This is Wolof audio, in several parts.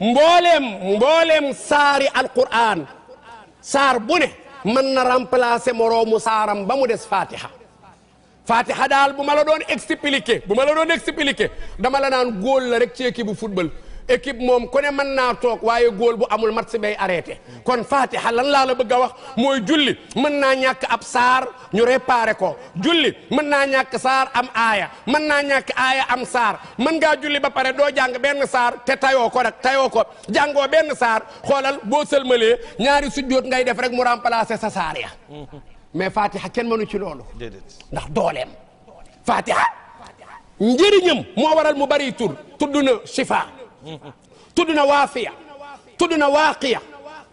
mbooleem mbooleem saari alquran saar bu ne mën na remplacer moroomu saaram ba mu des fatiha fatiha daal bu ma la doon expliquer bu ma la doon expliquer dama la naan góol la rek ci bu football équipe mom ku ne mën naa toog bu amul match bay arrêté kon fatih lan la la bëgg wax moy julli man na ñak ab sar ñu réparer ko julli man na ñak sar am aya menanya na ñak aya am sar man nga julli ba paré do jang ben sar té tayo ko rek tayo ko jàngoo benn saar xoolal boo sëlmalee ñaari sujjot ngay def rek mu remplacer sa sar ya mais fatiha ken mënu ci lolu ndax dooleem fatiha njëriñam mo waral mu bari tour tuduna shifa تدنا وافية تدنا واقية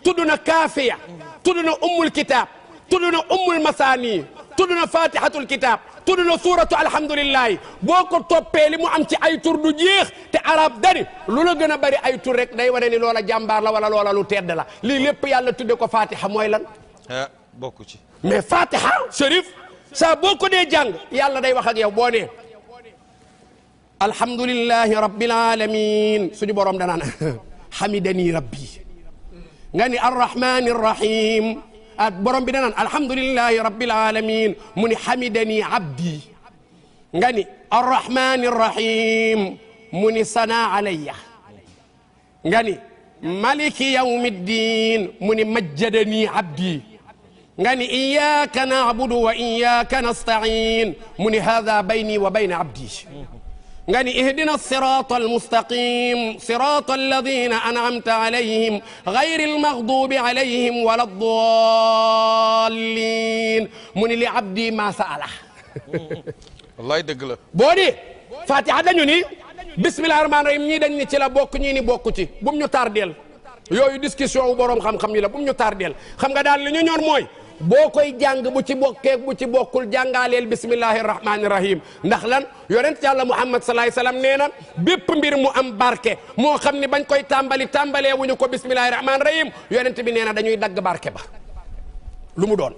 تدنا كافية تدنا أم الكتاب تدنا أم المثاني تدنا فاتحة الكتاب تدنا سورة الحمد لله بوكو توبي لي مو امتي اي تور دو جيخ تي داري لولا غنا باري اي تور ريك داي واني لولا جامبار لا ولا لولا لو تيد لا لي ليپ يالا فاتحة مويلا لان ها بوكو تي مي فاتحة شريف سا بوكو دي جانغ يالا داي واخا يا بوني الحمد لله رب العالمين سوني بروم دانان حمدني ربي غني الرحمن الرحيم ات بروم بي دانان الحمد لله رب العالمين من حمدني عبدي غني الرحمن الرحيم من سنا علي غني ملك يوم الدين من مجدني عبدي غني اياك نعبد واياك نستعين من هذا بيني وبين عبدي قال اهدنا الصراط المستقيم صراط الذين أنعمت عليهم غير المغضوب عليهم ولا الضالين من اللي عبدي ما سأله الله يدقل بوني فاتحة دنيوني بسم الله الرحمن الرحيم ني dañ تي لا بوك ني ني بوك تي بوم ني تارديل يوي ديسكسيون بوروم خام خام ني لا بوم ني تارديل ñu tardel xam nga daal li ñor mooy boo koy jàng bu ci bokkee bu ci bokkul jàngaaleel bismillahi rahmaani rahim ndax lan yonent yàlla muhammad salaay salaam nee na bépp mbir mu am barke moo xam ne bañ koy tàmbali tàmbalee wuñu ko bismillahi rahmaani rahim yonent bi nee na dañuy dagg barke ba lu mu doon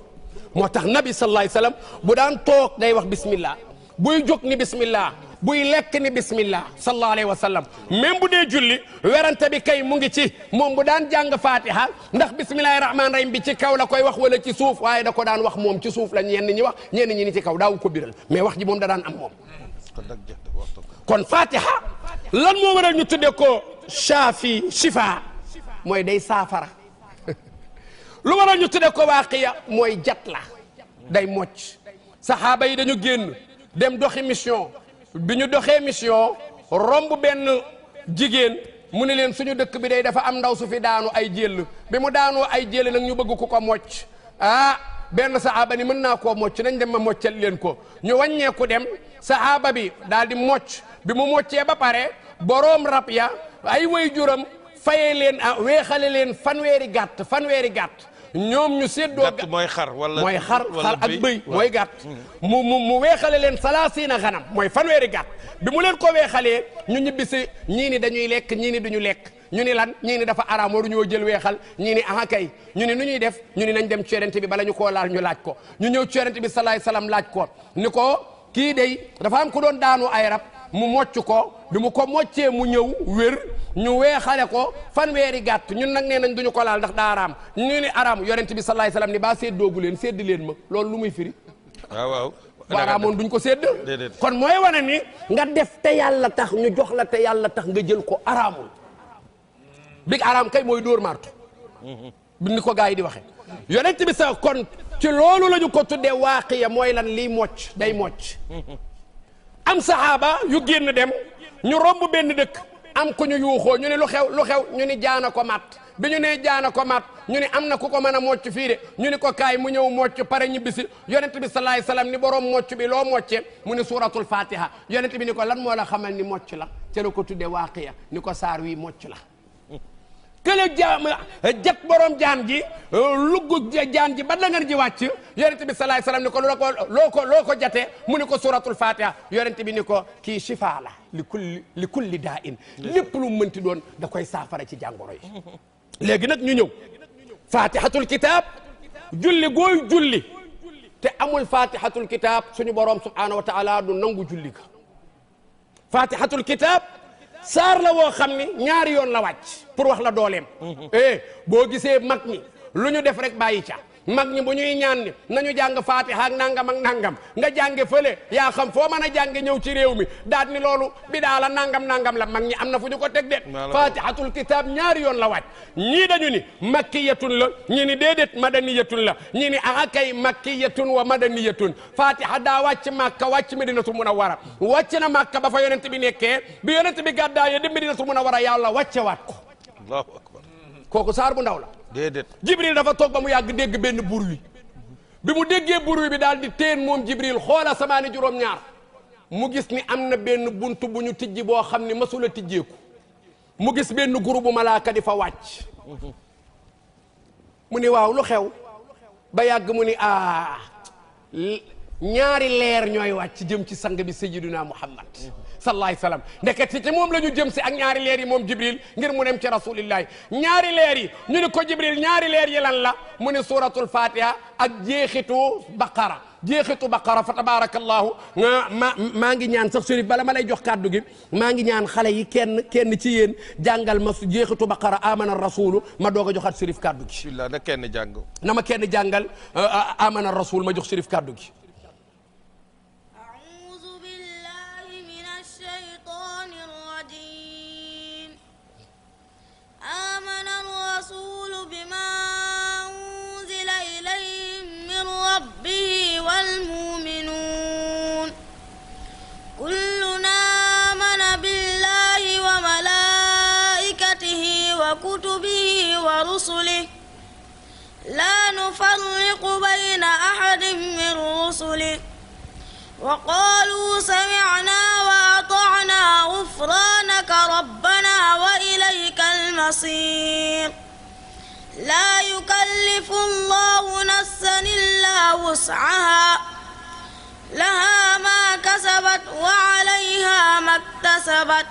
moo tax nabi salaay salaam bu daan toog day wax bismillah buy jóg ni bismillah buy lekk ni bismillah sallallahu alayhi wa sallam même bu dee julli werante bi kay mu ngi ci moom bu daan jàng fatiha ndax bismillahi rahmaani rahim bi ci kaw la koy wax wala ci suuf waaye da ko daan wax moom ci suuf la ñenn ñi wax ñenn ñi ni ci kaw daaw ko biral mais wax ji moom da daan am moom kon fatiha lan moo waral ñu tudde ko shaafi shifa mooy day saafara lu waral ñu tudde ko waaqiya mooy jat la day mocc saxaaba yi dañu génn dem doxi mission bi ñu doxee mission romb benn jigéen mu ne leen suñu dëkk bi day dafa am ndaw su fi daanu ay jéll bi mu daanoo ay jéll nag ñu bëggu ko ko mocc ah benn saxaaba ni mën naa koo mocc nañ dem ma moccal leen ko ñu wàññeeku dem saxaaba bi daal di mocc bi mu moccee ba pare boroom rab ya ay way juram fayee leen ah weexale leen fanweeri gàtt fanweeri gàtt ñoom ñu séddoo gàtt mooy xar wala mooy xar xar ak bëy mooy gàtt mm. mu mu mu weexale leen salaasiina xanam mooy fanweeri gat bi mu leen ko weexalee ñu ñibbisi ñii ni dañuy lekk ñii ni duñu lekk ñu ni lan ñii ni dafa araam waruñoo jël weexal ñiini ni aha kay ñu ni nu ñuy def ñu ni nañ dem ci bi bala ñu koo laal ñu laaj ko ñu ñëw ci bi salaay salaam laaj ko ni ko kii day dafa am ku doon daanu ay rab mu mocc ko bi mu ko moccee mu ñëw wér ñu weexale ko fanweeri gàtt ñun nag nee nañ duñu ko laal ndax daa aram ñu ni araam yonent bi salaay salaam ni baa séddoogu leen sédd leen ma loolu lu muy firi waaw waaw duñ ko kon mooy wane ni nga def te yàlla tax ñu jox la te yàlla tax nga jël ko araamul big aram kay mooy dóor marto bi mhm. ni ko gars di waxe yonent bi sa kon ci loolu lañu ko tuddee waaqiya mooy lan li mocc day mocc mhm. am saxaaba yu génn dem ñu romb benn dëkk am ku ñu yuuxoo ñu ne lu xew lu xew ñu ni jaana ko matt bi ñu nee jaana ko matt ñu ne am na ku ko mën a mocc fii de ñu ni ko kaay mu ñëw mocc pare ñibbisi yonent bi salaay salaam borom mocc bi loo mocce mu ne suuratul fatiha yonent bi ni ko lan moo la xamal ni mocc la ca la ko tuddee waaqiya ni ko saar wii mocc la kële jaam jat borom jaan ji luggu jaan ji ba ji wàcc yonent bi salaay salaam ni ko loo loo ko loo ko jate mu ni ko suratul fatiha yonent bi ni ko kii shifaa la li kulli daa in lépp lu mënti doon da koy saafara ci jàngoro yi léegi nag ñu ñëw fatihatul kitab julli gooy julli te amul fatihatul kitab suñu borom subhanahu wa taala du nangu julli ga fatihatul kitab saar la woo xam ni ñaari yoon la wàcc pour wax la dooleem. Mhm. eh boo gisee mag mi lu ñu def rek bàyyi ca. mag ñi bu ñuy ñaan na ñu jàng faatiha ak nangam ak nangam nga jànge fële yaa xam foo mën a jànge ñëw ci réew mi daat ni loolu bidaa la nangam nangam la mag ñi am na fu ñu ko teg de faatihatul kitaab ñaari yoon la waaj ñii dañu ni makkiyatun la ñi ni déedéet madaniyatun la ñu ni aha kay makkiyatun wa madaniyatun faatiha daa wàcc màkka wàcc medinatu munawwara wàcc na màkka ba fa yonent bi nekkee bi yonent bi gàddaayee di medinatu munawwara yàlla wàcce waat ko allahu akbar kooku saar bu ndaw la déedéet jibril dafa toog ba mu yàgg dégg benn bruit bi mu déggee bruit bi daal di teen moom jibril xool asamaani juróom-ñaar mu gis ni am na benn bunt bu ñu tijji boo xam ni masula tijjeeku mu gis benn groupe bu malaaka di fa wàcc mu ni waaw lu xew ba yàgg mu ni ah ñaari leer ñooy wàcc jëm ci sang bi sayyiduna muhammad salaay salaam ndekete te moom la ñu jëm si ak ñaari leer yi moom jibril ngir mu dem ci rasulillahi ñaari leer yi ñu ne ko jibril ñaari leer yi lan la mu ne suratul fatiha ak jeexitu baqara jeexitu baqara fa tabaarakallahu ma maa ngi ñaan sax sëriñ bala ma lay jox kàddu gi maa ngi ñaan xale yi kenn kenn ci yéen jàngal ma jeexitu baqara amana rasulu ma doog a joxaat sërif kàddu gi. bismillah na kenn jàng. na ma kenn jàngal euh, amana rasul ma jox sërif kàddu gi. نفرق بين أحد من رسله وقالوا سمعنا وأطعنا غفرانك ربنا وإليك المصير لا يكلف الله نفسا إلا وسعها لها ما كسبت وعليها ما اكتسبت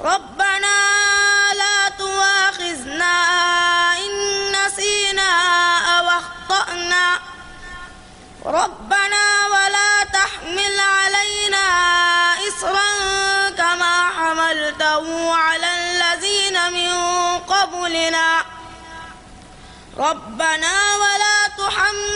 ربنا لا تواخذنا ربنا ولا تحمل علينا إصرا كما حملته على الذين من قبلنا ربنا ولا تحمل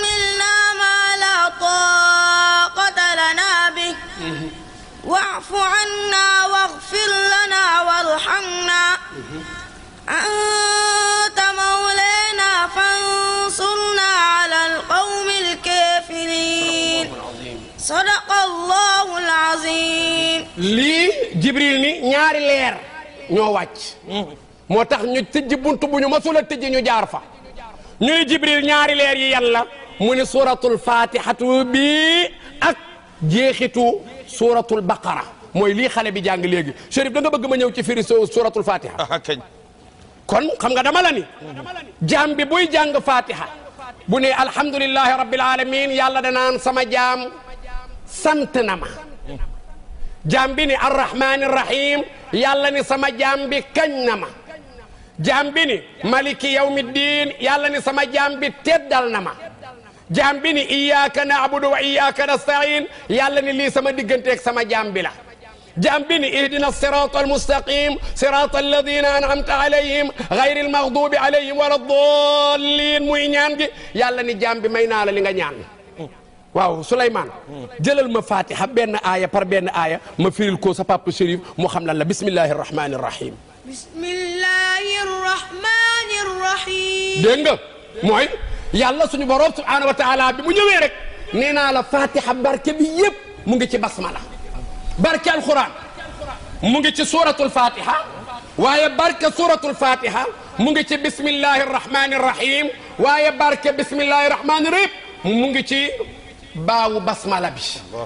عظيم lii Jibril ni ñaari leer ñoo wàcc moo tax ñu tëjji buntu bu ñu masul a tëjji ñu jaar fa ñu ni Jibril ñaari leer yi yàlla mu ni suuratul fatihatu bi ak jeexitu suuratul baqara mooy lii xale bi jàng léegi Chérif da bëgg ma ñëw ci firi suuratul fatiha kon xam nga dama la ni jaam bi buy jàng fatiha bu ne alhamdulillahi rabbil alamin yàlla danaan sama jaam sant na jaam bi ni arrahmaani rahim yàlla ni sama jaam bi kañ na ma jaam bi ni maliki yawmi diin yàlla ni sama jaam bi teddal na ma jaam bi ni iyaaka naabudu wa iyaaka nastain yàlla ni lii sama digganteeg sama jaam bi la jaam bi ni ihdina siraata almustaqim siraata alladina anamta alayhim gayri almaxdubi alayhim wala ddallin muy ñaan gi yàlla ni jaam bi may naa la li nga ñaan واو سليمان جلل مفاتيح بين آية بر بين آية مفير الكوسة بابو الشريف محمد الله بسم الله الرحمن الرحيم بسم الله الرحمن الرحيم دينغ موي يا الله سني بروب سبحانه وتعالى بي مو نيوي نينا لا فاتحه بارك بيب ييب موغي سي بسمله بارك القران موغي سوره الفاتحه ويا بارك سوره الفاتحه موغي بسم الله الرحمن الرحيم ويا بارك بسم الله الرحمن الرحيم موغي baawu basmala bi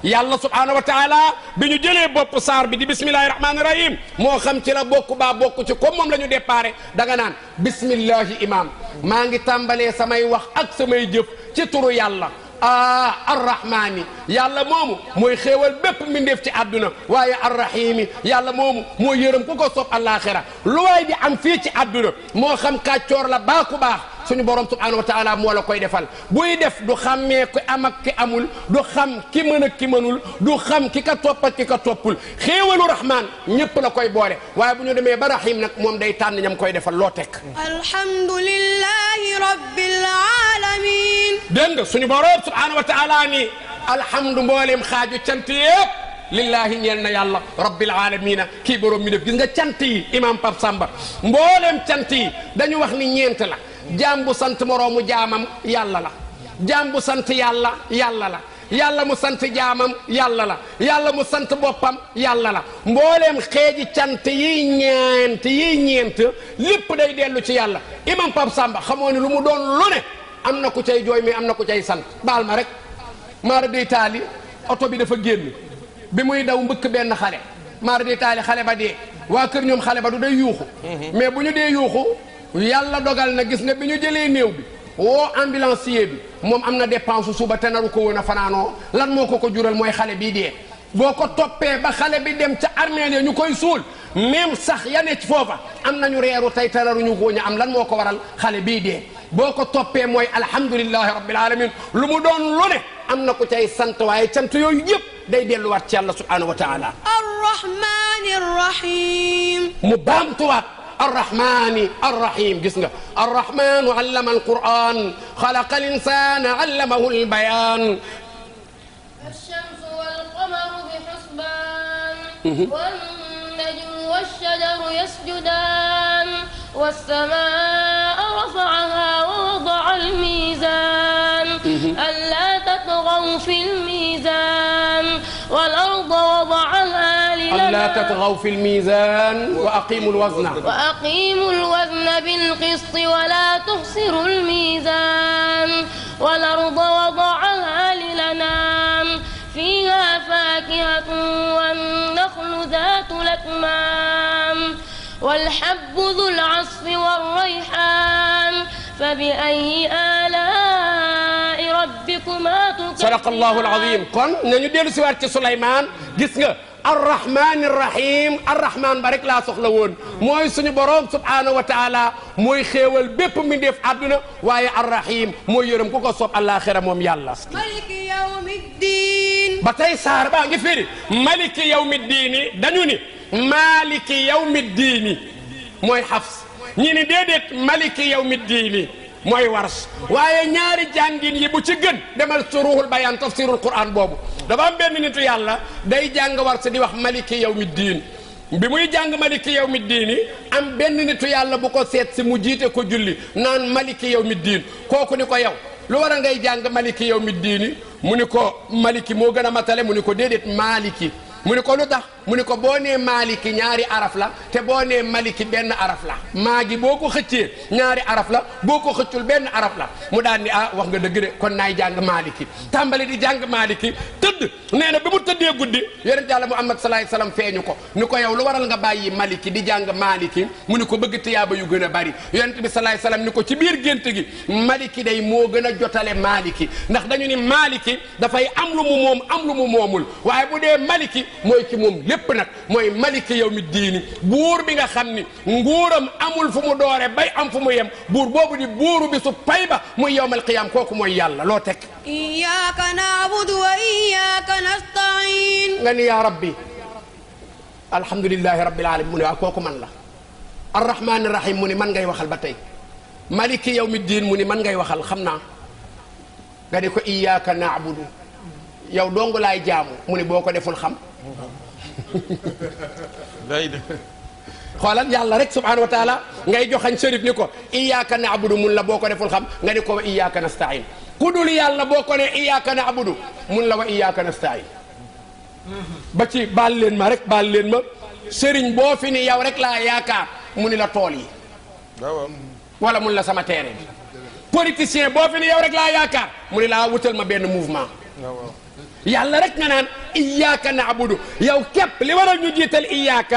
yàlla subhaanahu wa taala bi ñu jëlee bopp saar bi di bismillahi rahmaani rahim moo xam ci la bokku baa bokk ci comme moom la ñu déparé da nga naan bismillahi imaam maa ngi tàmbalee samay wax ak samay jëf ci turu yàlla ah arrahmaani yàlla moomu mooy xéewal bépp def ci àdduna waaye arrahimi yàlla moomu mooy yërëm ku ko soob àllaaxira lu waay di am ci àdduna moo xam kàccoor la baaku baax suñu borom subhanahu wa taala mo la koy defal buy def du xamé ku am ak ki amul du xam ki mën ak ki meunul du xam ki ka top ak ki ka topul xéewalu rahman ñëpp la koy boré waye buñu démé ba rahim nak mom day tan ñam koy defal lo tek alhamdulillahi rabbil alamin deng suñu borom subhanahu wa taala ni alhamdu mbolim xaju cant yépp لله ñeel na yàlla rabbil alamina kii borom mi def gis nga cant yi imam Pape Samba mboolem cant jaam bu sant moroomu jaamam yàlla la jaam bu sant yàlla yàlla la yàlla mu sant jaamam yàlla la yàlla mu sant boppam yàlla la mbooleem xeeji cant yi ñeent yi ñeent lépp day dellu ci yàlla imam Pape Samba xamoo ne lu mu doon lu ne am na ku cay jooy mais am na ku cay sant baal ma rek maara day taali oto bi dafa génn bi muy daw mbëkk benn xale maara day taali xale ba dee waa kër ñoom xale ba du day yuuxu mhm. mais bu ñu dee yuuxu yàlla dogal na gis ne biñu jëlé jëlee néew bi wo ambulancier bi mom amna dépense suba te naru ko wona fanano lan moko ko jural moy xale bi dé boko topé ba xale bi dem ci armée ya ñu koy suul même sax ya ne ci fofa amna ñu réru tay te ñu goña am lan moko waral xale bi dé boko topé moy mooy rabbil alamin lu mu doon lu ne amna ko tay sante sant waaye cant yooyu yëpp day wat ci yàlla subhanahu wa taala arrahmani rahim mu tuwat الرحمن الرحيم gis الرحمن علم القرآن خلق الإنسان علمه البيان الشمس والقمر بحسبان والنجم والشجر يسجدان والسماء رفعها ووضع الميزان ألا تطغوا في الميزان ألا تطغوا في الميزان وأقيموا الوزن وأقيموا الوزن بالقسط ولا تخسروا الميزان والأرض وضعها للنام فيها فاكهة والنخل ذات الأكمام والحب ذو العصف والريحان فبأي آلام صدق الله العظيم كون نانيو ديلو سي وات سليمان غيسغا الرحمن الرحيم الرحمن بارك لا سخلا وون موي سونو بوروم سبحانه وتعالى موي خيوال بيب مينديف ادنا واي الرحيم موي يرم كوكو سوب الاخره موم يالا مالك يوم الدين باتاي سار با نفيري مالك يوم الدين دانيو ني مالك يوم الدين موي حفص ني ني ديديت مالك يوم الدين mooy waras waaye ñaari jàngin yi bu ci gën demal suruhul bayaan tafsirul quran boobu dafa am benn nitu yàlla day jàng warsa di wax maliki yawmi diin bi muy jàng maliki mi diini am benn nitu yàlla bu ko seet si mu jiite ko julli naan maliki mi diin kooku ni ko yow lu war a ngay jàng maliki yawmi diini mu ni ko maliki moo gën a matale mu ni ko déedéet maliki mu ko lu tax mu ni ko boo nee maaliki ñaari araf la te boo nee maliki benn araf la maa gi boo ko xëccee ñaari araf la boo ko xëccul benn araf la mu daan ni ah wax nga dëgg de kon naay jàng maaliki tàmbali di jàng maaliki tëdd nee na bi mu tëddee guddi yonent yàlla Muhammad salaay salaam feeñu ko ni ko yow lu waral nga bàyyi maliki di jàng mu ni ko bëgg tiyaaba yu gën a bari yonent bi salaay salaam ni ko ci biir gént gi maliki day moo gën a jotale maaliki ndax dañu ni maaliki dafay am lu mu moom am lu mu moomul waaye bu dee maliki mooy ci moom lépp nak moy malik yow mi diini bi nga xamni ni nguuram amul fumu doore bay am fumu yem bour bobu di bouru bisu payba moy yawmal qiyam koku moy kooku mooy yàlla loo teg iyaaka naabudu wa iyaaka nastain nga ni yaa rabbi alhamdulilahi rabbil alamin mu ne man la arrahmani rahim mu ni man ngay waxal ba tey maliki yow mi diin mu ni man ngay waxal xam naa nga ni ko iyaaka naabudu yow dong laay jaamu mu ni deful xam day de xoolal yàlla rek subhanahu wa taala ngay joxañ sërif ni ko iyyaka na'budu mun la boo ko deful xam nga ni ko wa iyyaka nasta'in ku dul yàlla boo ko ne iyyaka na'budu mun la wa iyyaka nasta'in ba ci baal leen ma rek baal leen ma sëriñ boo fi ni yow rek laa yaakaar mu ni la tool yi wala mun la sama terrain bi politicien boo fi ni yow rek laa yaakaar mu ni laa ah, wutal ma benn mouvement يلا ركنا نان إياك نعبد يو كيب لورا نجيت الإياك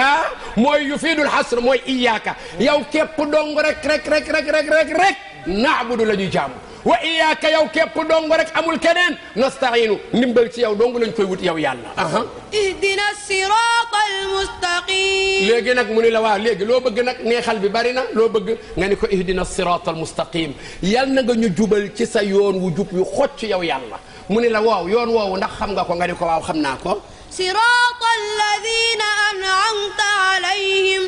موي يفيد الحصر موي إياك يو كيب دونغ رك رك رك رك رك رك رك نعبد لجي جام وإياك يو كيب دونغ رك أمو الكنان نستعينو نمبل تي يو دونغ لنكوي وط يو يلا أه. اهدنا الصراط المستقيم لجنك مني لوا لجنك لو بجنك نيخل ببارنا لو بج نانيكو اهدنا الصراط المستقيم يلا نجو نجوبل تي سيون وجوب يخوت يو يلا مني لا واو يون واو ناخ خمغا كو غاري كو واو خمناكو صراط الذين انعمت عليهم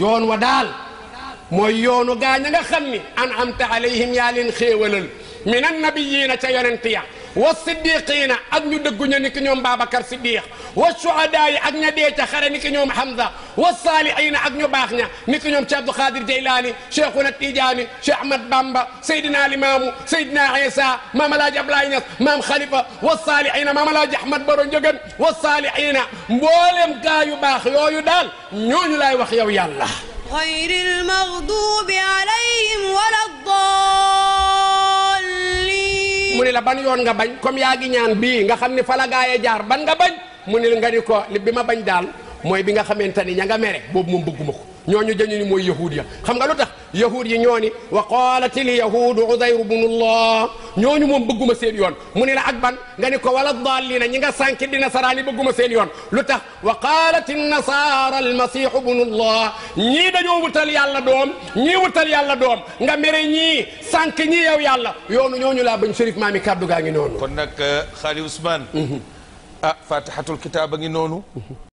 يون ودال موي يونو غا نيغا خمي انعمت عليهم يا لين خيولل من النبيين تا يونتيا والصديقين اك ني دغ ني نيك نيوم بابكر صديق والشهداء اك ني ديتا خره نيك نيوم حمزه والصالحين اك ني باخنا نيك نيوم عبد القادر جيلاني شيخنا التيجاني شيخ احمد بامبا سيدنا الامام سيدنا عيسى مام لاج ابلاي نياس مام خليفه والصالحين مام لاج احمد برون جوجن والصالحين مولم كايو باخ يوي دال نيو لاي واخ يو يالله غير المغضوب عليهم ولا الضالين mu ni la ban yoon nga bañ comme yaa gi ñaan bii nga xam ni fa la gaay jaar ban nga bañ mu ni nga ni ko bi ma bañ daal mooy bi nga xamante ni ña nga mere boobu moom bëgguma ko ñooñu dañu ni mooy yahuud ya xam nga lu tax يهود يوني وقالت اليهود عزير بن الله نيوني موم بغوما سين يون مونيلا اك بان غاني كو ولا الضالين نيغا سانك دي نصارى لي بغوما سين لوتاخ وقالت النصارى المسيح بن الله ني دانيو وتال يالا دوم ني وتال يالا دوم غا ميري ني سانك ني ياو يالا يونو نيوني لا بن شريف مامي كادو غاغي نونو كون نك خالي عثمان فاتحه الكتاب غي نونو